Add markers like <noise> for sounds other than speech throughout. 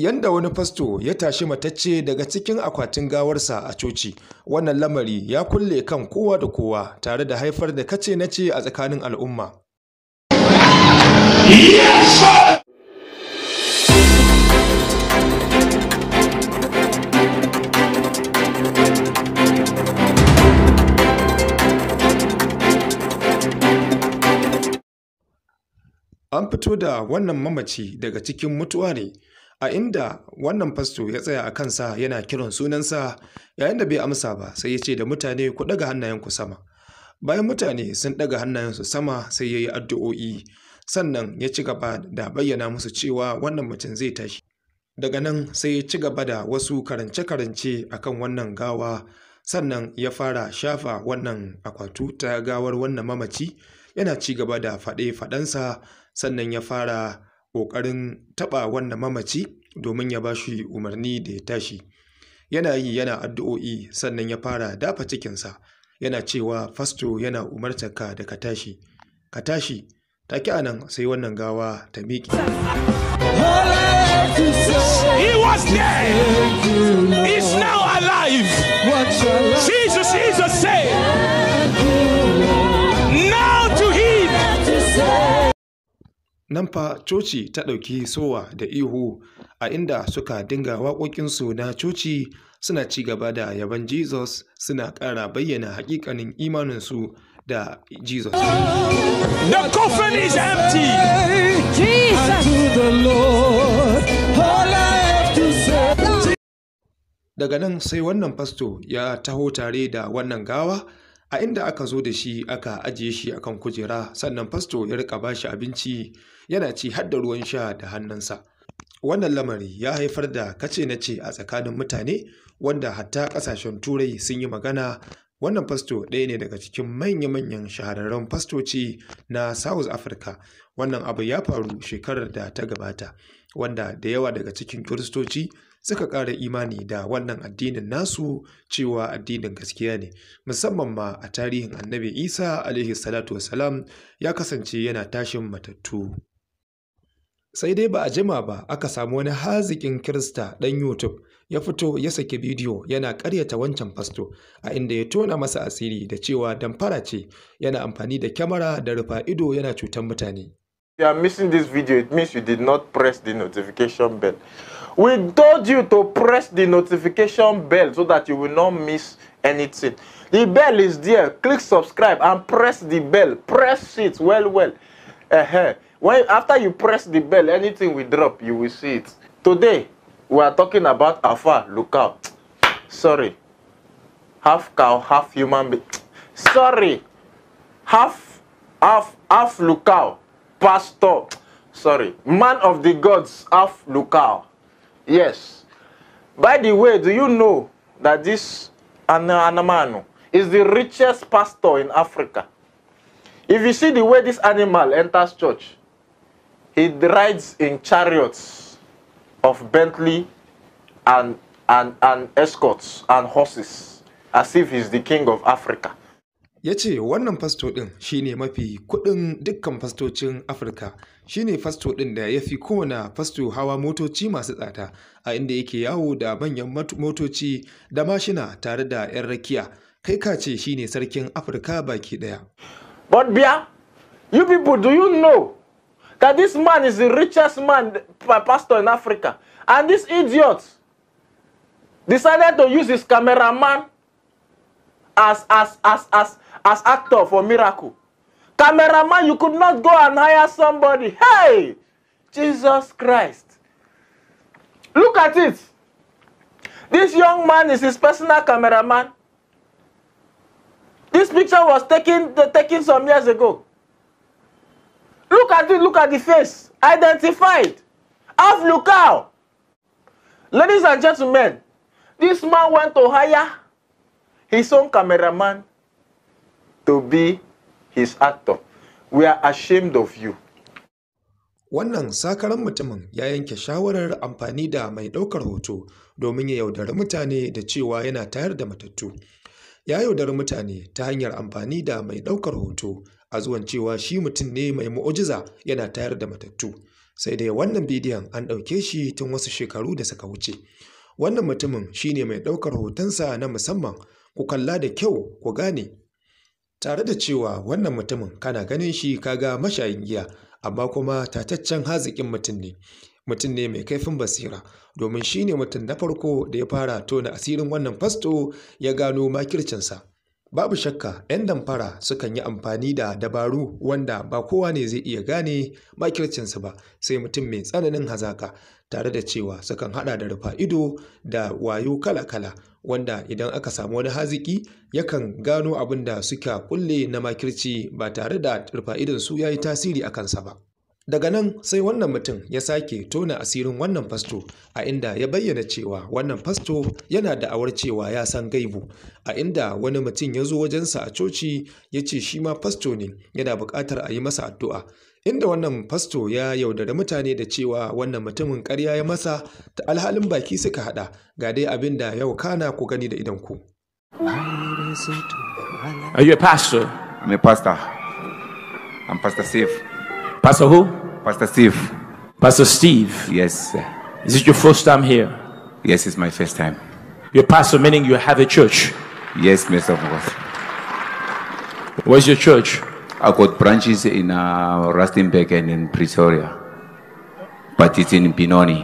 Yanda wani fasto ya tashi matacce daga cikin akwatin gawarsa a coci, wannan lamari ya kulle kan kowa da kowa tare da haifar da kace na ce a tsakanin al'umma. An fito da wannan mamaci daga cikin mutuwa ne. a inda wannan fasto ya tsaya a kansa yana kiran sunansa yayin da bai amsa ba sai ya ce da mutane ku ɗaga hannayenku sama bayan mutane sun ɗaga hannayensu sama sai ya yi addu'o'i sannan ya ci gaba da bayyana musu cewa wannan mutum zai tashi daga nan sai ya ci gaba da wasu karance-karance akan wannan gawa sannan ya fara shafa wannan akwatu ta gawar wannan mamaci yana ci gaba da faɗe-faɗensa sannan ya fara ƙoƙarin taɓa wannan mamaci domin ya ba shi umarni da ya tashi yana yi yana addu'o'i sannan ya fara dafa cikinsa yana cewa fasto yana ka da ka tashi ka tashi take anan sai wannan gawa ta miƙe He Nan fa coci ta ɗauki sowa da ihu a inda suka dinga waƙoƙinsu na coci suna ci gaba da yaban Jesus suna ƙara bayyana hakikanin imaninsu da Jesus. Jesus. Daga nan sai wannan fasto ya taho tare da wannan gawa a inda aka zo da shi aka ajiye shi akan kujera sannan fasto ya rika bashi abinci yana ci har da ruwan sha da hannunsa wannan lamari ya haifar da kace na ce a tsakanin mutane wanda hatta ƙasashen turai sun yi magana wannan fasto ɗaya ne daga cikin manya-manyan shahararren fastoci na south africa wannan abu ya faru shekarar da ta gabata wanda da yawa daga cikin kiristoci suka ƙara imani da wannan addinin nasu cewa addinin gaskiya ne musamman ma a tarihin annabi isa alaihi salatu wasalam ya kasance yana tashin matattu Sai dai ba a jima ba aka samu wani haziƙin Kirista ɗan YouTube ya fito ya saki bidiyo yana ƙaryata wancan fasto a inda ya tona masa asiri da cewa damfara ce yana amfani da kyamara da rufa ido yana cutar mutane. you are missing this video, means you did not press the notification bell. We told you to press the notification bell so that you will not miss anything. The bell is there. Click subscribe and press the bell. Press it well, well. Uh-huh. When after you press the bell, anything we drop, you will see it. Today, we are talking about Alpha. Look out. Sorry. Half cow, half human being. Sorry. Half, half, half Lukau. Pastor. Sorry. Man of the gods, half Lukau. Yes. By the way, do you know that this Anamano is the richest pastor in Africa? If you see the way this animal enters church, it rides in chariots of Bentley and, and, and escorts and horses as if he's the king of Africa. ya ce wannan fasto ɗin shine mafi kuɗin dukkan fastocin afirka shine fasto ɗin da ya fi kowane fasto hawa motoci masu tsada a inda yake yawo da manyan motoci da mashina tare da 'yan rakiya kai ka ce shine sarkin afirka baki ɗaya But Bia, you people, do you know that this man is the richest man, pastor in Africa? And this idiot decided to use his cameraman as, as, as, as, as actor for miracle. Cameraman, you could not go and hire somebody. Hey, Jesus Christ. Look at it. This young man is his personal cameraman. This picture was taken taken some years ago. Look at it, look at the face. Identified. Half local. Ladies and gentlemen, this man went to hire his own cameraman to be his actor. We are ashamed of you. Wannan sakaran mutumin ya yanke shawarar amfani da mai ɗaukar hoto domin ya yaudari mutane da cewa yana tayar da matattu. ya yaudari mutane ta hanyar amfani da mai ɗaukar hoto a zuwan cewa shi mutum ne mai mu'ujiza yana tayar da matattu sai dai wannan bidiyon an ɗauke shi tun wasu shekaru da suka wuce wannan mutumin shi ne mai ɗaukar hotonsa na musamman ku kalla da kyau ku gane tare da cewa wannan mutumin kana ganin shi kaga mashayin giya amma kuma tataccen haziƙin mutum ne mutum ne mai kaifin basira domin shi ne mutum na farko da ya fara tona asirin wannan fasto ya gano makircinsa babu shakka 'yan damfara sukan yi amfani da dabaru wanda ba kowa ne zai iya gane makircinsu ba sai mutum mai tsananin hazaka tare da cewa sukan hada da rufa ido da wayo kala-kala wanda idan aka samu wani haziki yakan gano abin da suka kulle na makirci ba tare da rufa idon su ya yi tasiri a kansa ba Daga nan sai wannan mutum ya sake tona asirin wannan fasto a inda ya bayyana cewa wannan fasto yana da'awar cewa ya san gaibu a inda wani mutum ya zo wajensa a coci ya ce shi ma fasto ne yana buƙatar a yi masa addu'a inda wannan fasto ya yaudari mutane da cewa wannan mutumin karya ya masa ta alhalin baki suka haɗa ga dai abin da yau kana ku gani da ku. Are you a pastor? I'm a pastor. I'm pastor safe. Pastor who? Pastor Steve. Pastor Steve. Yes. Is it your first time here? Yes, it's my first time. Your pastor, meaning you have a church? Yes, Mr. God. Where's your church? I got branches in uh, Rustenburg and in Pretoria, but it's in Benoni.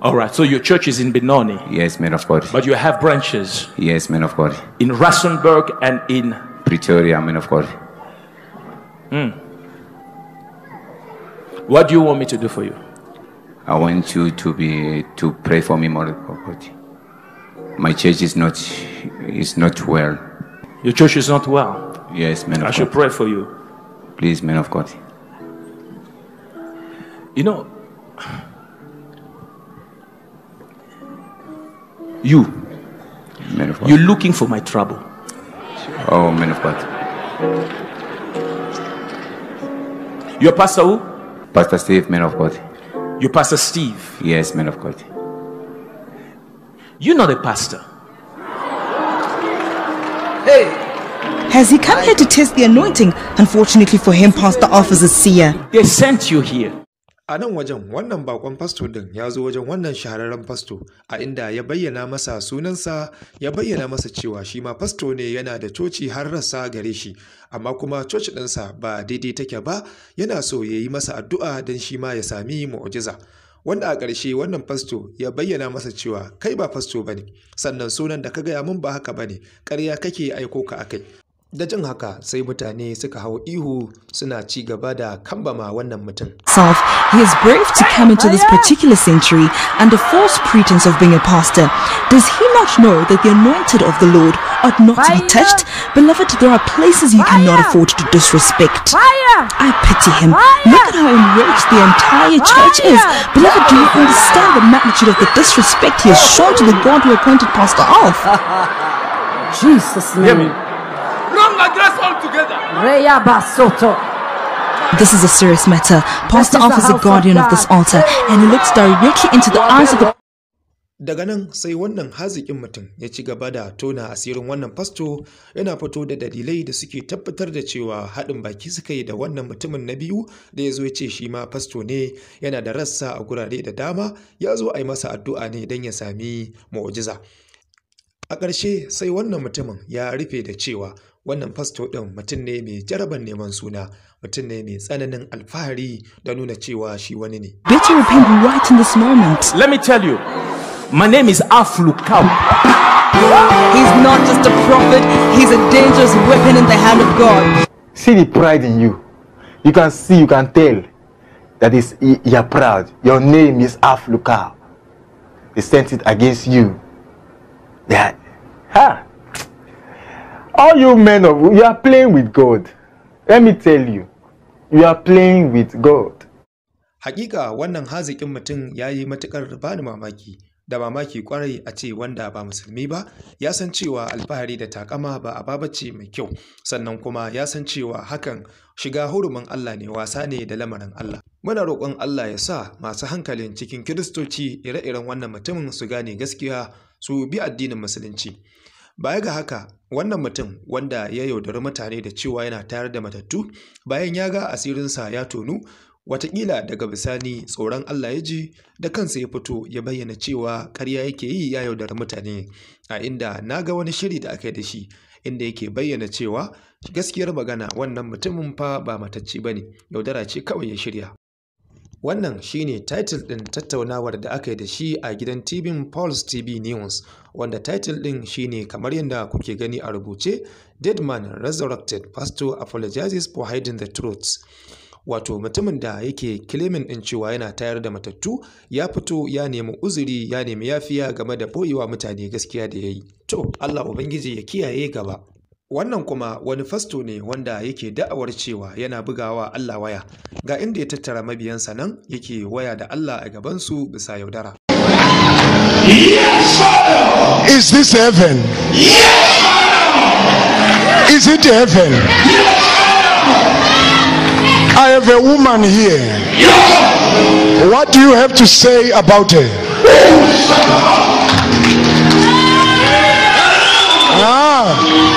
All right, so your church is in Benoni. Yes, man of God. But you have branches. Yes, man of God. In Rustenburg and in Pretoria, man of God. Mm. What do you want me to do for you? I want you to be to pray for me more. My church is not is not well. Your church is not well. Yes, man. I God. I should pray for you. Please, man of God. You know, you, man of God. you're looking for my trouble. Oh, man of God. Your pastor who? Pastor Steve, man of God. You, Pastor Steve? Yes, man of God. You're not a pastor. Hey. Has he come here to test the anointing? Unfortunately for him, Pastor offers a seer. They sent you here. A nan wajen wannan bakon fasto din ya zo wajen wannan shahararren fasto a inda ya bayyana masa sunansa ya bayyana masa cewa shi ma fasto ne yana da coci har rasa gare shi amma kuma coci ɗinsa ba daidai take ba yana so ya yi masa addu'a don shi ma ya sami mu'ujiza. wanda a ƙarshe wannan fasto ya bayyana masa cewa kai ba fasto ba ne sannan sunan da ka gaya mun ba haka ba ne ƙarya kake aiko ka akai da jin haka sai mutane suka ihu suna ci gaba da kambama wannan mutum. he is brave to come into this particular century under false pretense of being a pastor. Does he not know that the anointed of the Lord ought not to be touched? Beloved, there are places you cannot afford to disrespect. I pity him. Look at how enraged the entire church is. Beloved, do you understand the magnitude of the disrespect he has shown to the God who appointed Pastor Alf? <laughs> Jesus' name. This is a serious matter. Pastor offers the guardian of this altar and he looks directly into the eyes of the Daga nan sai wannan haziƙin mutum ya ci gaba da tona asirin wannan fasto yana fito da dalilai da suke tabbatar da cewa haɗin baki suka yi da wannan mutumin na biyu da ya zo ya ce shi ma fasto ne yana da rassa a gurare da dama ya zo a yi masa addu'a ne don ya sami mu'ujiza. A ƙarshe sai wannan mutumin ya rufe da cewa wannan fasto ɗin mutum ne mai jaraban neman suna mutum ne mai tsananin alfahari da nuna cewa shi wani ne better repent right in this moment let me tell you my name is aflukau he's not just a prophet he's a dangerous weapon in the hand of god see the pride in you you can see you can tell that is you're proud your name is aflukau they sent it against you Yeah, ha all you men of you are playing with God. Let me tell you, you are playing with God. Hakika wannan haziƙin mutum ya yi matuƙar bani mamaki da mamaki kwarai a ce wanda ba musulmi ba ya san cewa alfahari da takama ba a babace mai kyau sannan kuma ya san cewa hakan shiga hurumin Allah ne wasa ne da lamarin Allah muna roƙon Allah ya sa masu hankalin cikin kiristoci ire-iren wannan mutumin su gane gaskiya su bi addinin musulunci Baya ga haka, wannan mutum wanda ya yaudari mutane da cewa yana tayar da matattu bayan ya ga asirinsa ya tonu, watakila daga bisani tsoron Allah ya ji da kansa ya fito ya bayyana cewa karya yake yi ya yaudari mutane a inda na ga wani shiri da aka yi da shi inda yake bayyana cewa gaskiyar magana wannan mutumin fa ba matacci ba ne yaudara ce kawai ya shirya Wannan shi ne taitil ɗin tattaunawar da aka yi da shi a gidan TV Pulse TV News, wanda taitil ɗin shi ne kamar yadda kuke gani a rubuce, Dead Man Resurrected Pastor Apologizes for Hiding the Truth. Wato mutumin da yake kilimin ɗin cewa yana tayar da matattu ya fito ya nemi uzuri ya nemi yafiya game da boyewa mutane gaskiya da ya yi. To, Allah Ubangiji ya kiyaye gaba. wannan kuma wani fasto ne wanda yake da'awar cewa yana bugawa Allah waya ga inda ya tattara mabiyansa nan yake waya da Allah a gabansu bisa yaudara yes, Is this heaven? Yes, Is it heaven? Yes, I have a woman here. Yes. What do you have to say about her? ah.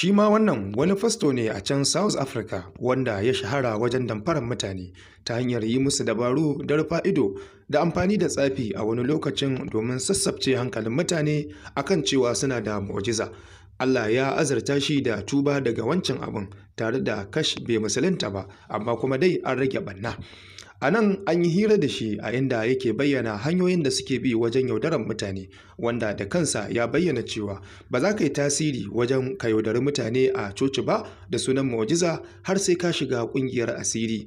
Shi ma wannan wani fasto ne a can South Africa wanda ya shahara wajen damfarar mutane ta hanyar yi musu dabaru da rufa ido da amfani da tsafi a wani lokacin domin sassabce hankalin mutane akan cewa suna da mu'jiza. Allah ya azarta shi da tuba daga wancan abin tare da kash bai musulunta ba amma kuma dai an rage banna. A nan an yi hira da shi a inda yake bayyana hanyoyin da suke bi wajen yaudarar mutane, wanda da kansa ya bayyana cewa ba za ka yi tasiri wajen ka yaudari mutane a coci ba da sunan mu'jiza har sai ka shiga ƙungiyar asiri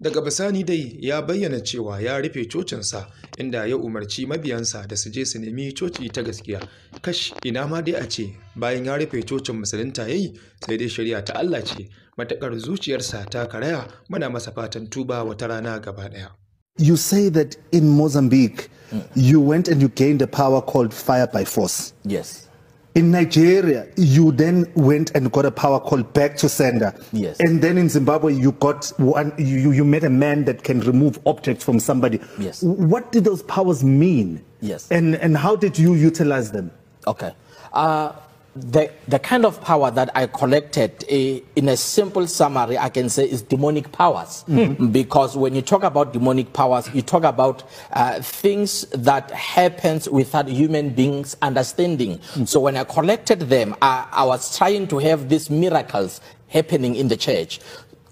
Daga bisani dai ya bayyana cewa ya rufe cocinsa inda ya umarci mabiyansa da su je su nemi coci ta gaskiya. Kash ina ma dai a ce bayan ya rufe cocin musulunta ya yi sai dai shari'a ta Allah ce matakar zuciyarsa ta karaya muna masa fatan tuba wata rana gaba ɗaya. You say that in Mozambique mm. you went and you gained a power called fire by force. Yes. In Nigeria, you then went and got a power call back to sender. Yes. And then in Zimbabwe, you got one, you, you met a man that can remove objects from somebody. Yes. What did those powers mean? Yes. And, and how did you utilize them? Okay. Uh, the, the kind of power that I collected, eh, in a simple summary, I can say is demonic powers. Mm -hmm. Because when you talk about demonic powers, you talk about uh, things that happens without human beings understanding. Mm -hmm. So when I collected them, I, I was trying to have these miracles happening in the church.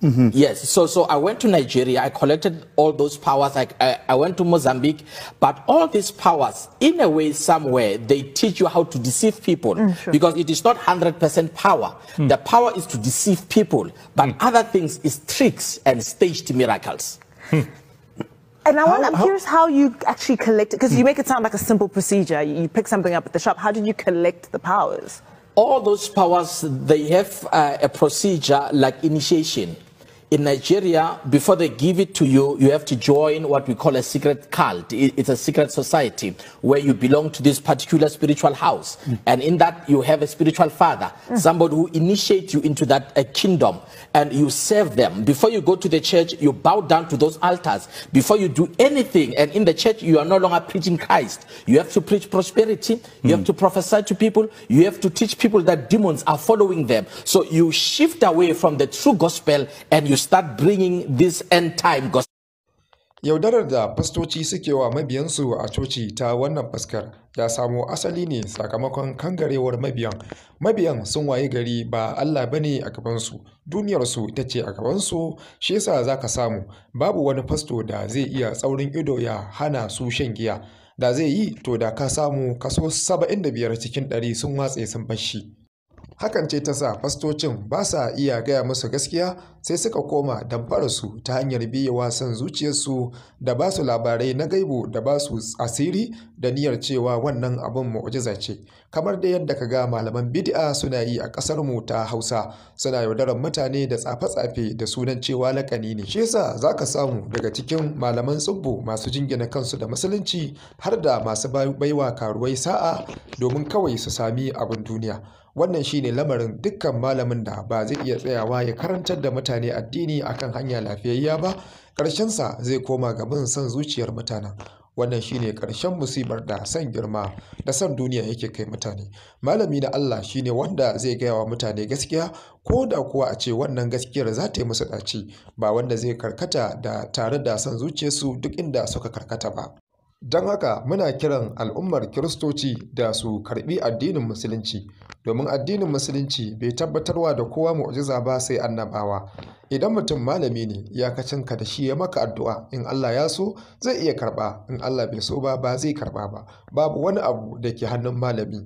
Mm -hmm. Yes. So, so I went to Nigeria. I collected all those powers. I, I, I, went to Mozambique. But all these powers, in a way, somewhere, they teach you how to deceive people mm, sure. because it is not 100% power. Mm. The power is to deceive people, but mm. other things is tricks and staged miracles. Hmm. And I want, I'm curious how you actually it. because you hmm. make it sound like a simple procedure. You pick something up at the shop. How did you collect the powers? All those powers, they have uh, a procedure like initiation in Nigeria, before they give it to you, you have to join what we call a secret cult. It's a secret society where you belong to this particular spiritual house. Mm. And in that, you have a spiritual father, mm. somebody who initiates you into that uh, kingdom and you serve them. Before you go to the church, you bow down to those altars. Before you do anything, and in the church, you are no longer preaching Christ. You have to preach prosperity. You mm. have to prophesy to people. You have to teach people that demons are following them. So you shift away from the true gospel and you start bringing this end time gospel. Yaudarar da fastoci suke wa mabiyansu a coci ta wannan fuskar ya samo asali ne sakamakon kangarewar mabiyan. Mabiyan sun waye gari ba Allah ba ne a gabansu, duniyarsu ita ce a gabansu, shi yasa za ka samu babu wani fasto da zai iya tsaurin ido ya hana su shan giya. Da zai yi to da ka samu kaso 75 cikin 100 sun watse sun bashi. hakan ce ta sa fastocin ba sa iya gaya musu gaskiya sai suka koma su ta hanyar biyewa son zuciyarsu da ba su labarai na gaibu da ba su asiri da niyyar cewa wannan abin mu'jiza ce kamar da yadda ka ga malaman bidi'a suna yi a ƙasar mu ta Hausa suna yaudarar mutane da tsafe-tsafe da sunan cewa lakani ne shi yasa zaka samu daga cikin malaman tsubbu masu jingina kansu da musulunci har da masu baiwa karuwai sa'a domin kawai su sami abin duniya wannan shine lamarin dukkan malamin da ba zai iya tsayawa ya karantar da mutane addini akan hanya lafiyayya ba ƙarshensa zai koma ga bin son zuciyar mutanen wannan shine ƙarshen musibar da san girma da san duniya yake kai mutane malami na Allah shine wanda zai gaya wa mutane gaskiya ko da kuwa a ce wannan gaskiyar za ta yi musu ɗaci ba wanda zai karkata da tare da san zuciyarsu duk inda suka karkata ba Don haka muna kiran al'ummar Kiristoci da su karɓi addinin Musulunci, domin addinin Musulunci bai tabbatarwa da kowa mu'jiza ba sai annabawa. Idan mutum malami ne, ya iyakacinka da shi ya maka addu'a, in Allah ya so zai iya karɓa, in Allah bai so ba ba zai karɓa ba, babu wani abu da ke hannun malami.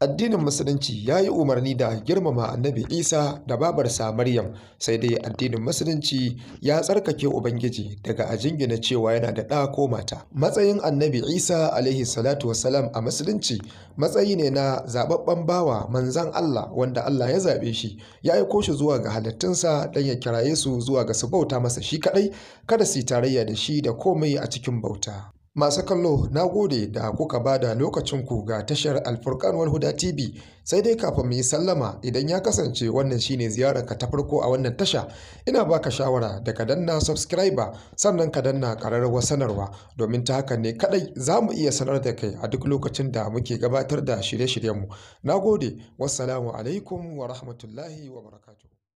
addinin musulunci ya yi umarni da girmama annabi isa da babarsa maryam sai dai addinin musulunci ya tsarkake ubangiji daga a jingina cewa yana da ɗa ko mata matsayin annabi isa alaihi salatu wasalam a musulunci matsayi ne na zaɓaɓɓen bawa manzan allah wanda allah ya zaɓe shi ya aiko shi zuwa ga halittunsa don ya kiraye su zuwa ga su bauta masa shi kaɗai kada su yi tarayya da shi da komai a cikin bauta Masu kallo, na gode da kuka ba da lokacinku ga tashar Alfurkan Walhuda TV. Sai dai kafin mu yi sallama idan ya kasance wannan shine ziyararka ta farko a wannan tasha, ina baka shawara da ka danna subscriber sannan ka danna ƙararrawar sanarwa domin ta hakan ne kadai za mu iya sanar da kai a duk lokacin da muke gabatar da shirye-shiryenmu. Na gode, wassalamu alaikum wa rahmatullahi wa barakatuh.